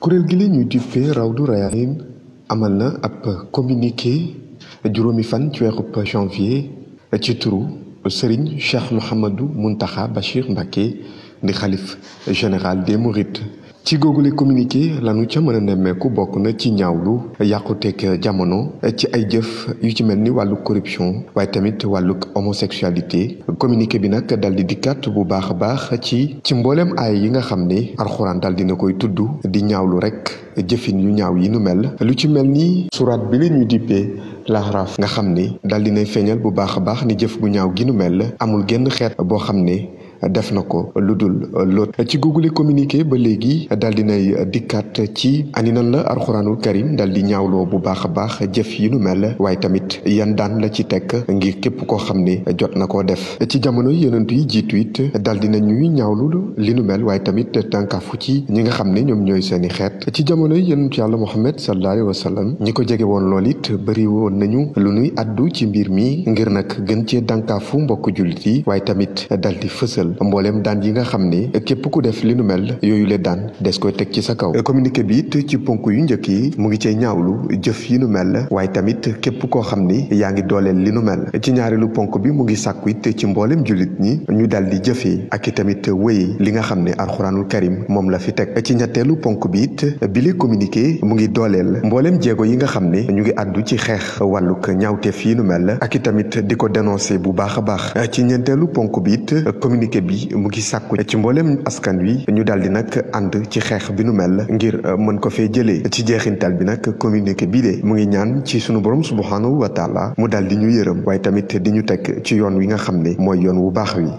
kuréel gi la ñuy dippee du Rayaahin amal na ab communiqué juróomi fan ci weerub janvier ci turu Serigne Cheikh Mouhamadou Mountakha Bachir Mbacké di xalif général des Mourides ci googule communiqué lanu ca mën a nemmeeku bokk na ci ñaawlu yàquteeg jamono ci ay jëf yu ci mel ni wàllu corruption waaye tamit wàlluk homosexualité communiqué bi nag dal di dikkat bu baax a baax ci ci mboolem ay yi nga xam ne alxuraan dal dina koy tudd di ñaawlu rek jëfin yu ñaaw yi nu mel lu ci mel ni suraat bi la ñuy dippee laxaraaf nga xam ni dal nay feeñal bu baax a baax ni jëf bu ñaaw gi nu mel amul genn xeet boo xam ne def na ko lu dul lot ci googule communiqué ba léegi daal dinay dikkaat ci ani nan la alxuraanul karim daal di ñaawloo bu baax a baax jëf yi nu mel waaye tamit yan daan la ci tekk ngir képp koo xam ne jot na koo def ci jamono yonent yi jiitu it daal dina ñuy ñaawlu li nu mel waaye tamit tànkaafu ci ñi nga xam ne ñoom ñooy seeni xeet ci jamono yonent yàlla Muhammad sallallahu alayhi wa sallam ñi ko jege woon lool it bëri woon nañu lu nuy addu ci mbir mi ngir nag gën cee dànkaafu mbokk jullit yi waaye tamit dal di mbooleem daan yi nga xam ni képp ku def li nu mel yooyu le daan des koy teg ci sa kaw communiqué bi ci ponk yu njëkk yi mu ngi cee ñaawlu jëf yi nu mel waaye tamit képp koo xam ni yaa ngi dooleel li nu mel ci ñaareelu ponk bi mu ngi sàkku it ci mbooleem jullit ñi ñu dal di jëfee ak tamit wéye li nga xam ne alxuraanul karim moom la fi teg ci ñetteelu ponk bi it bi communiqué mu ngi dooleel mbooleem jéego yi nga xam ne ñu ngi àddu ci xeex wàlluk ñaawteef yi nu mel ak tamit di ko dénoncé bu a baax ci ñeenteelu ponk bi bi mu ngi sàkku ci mboolem askan wi ñu daal di nag ànd ci xeex bi nu mel ngir euh, mën ko fee jëlee ci jeexintal bi nag communiqué bii de mu ngi ñaan ci suñu borom subhanahu wa taala mu daal di ñu yërëm waaye tamit di ñu teg ci yoon wi nga xam ne mooy yoon wu baax wi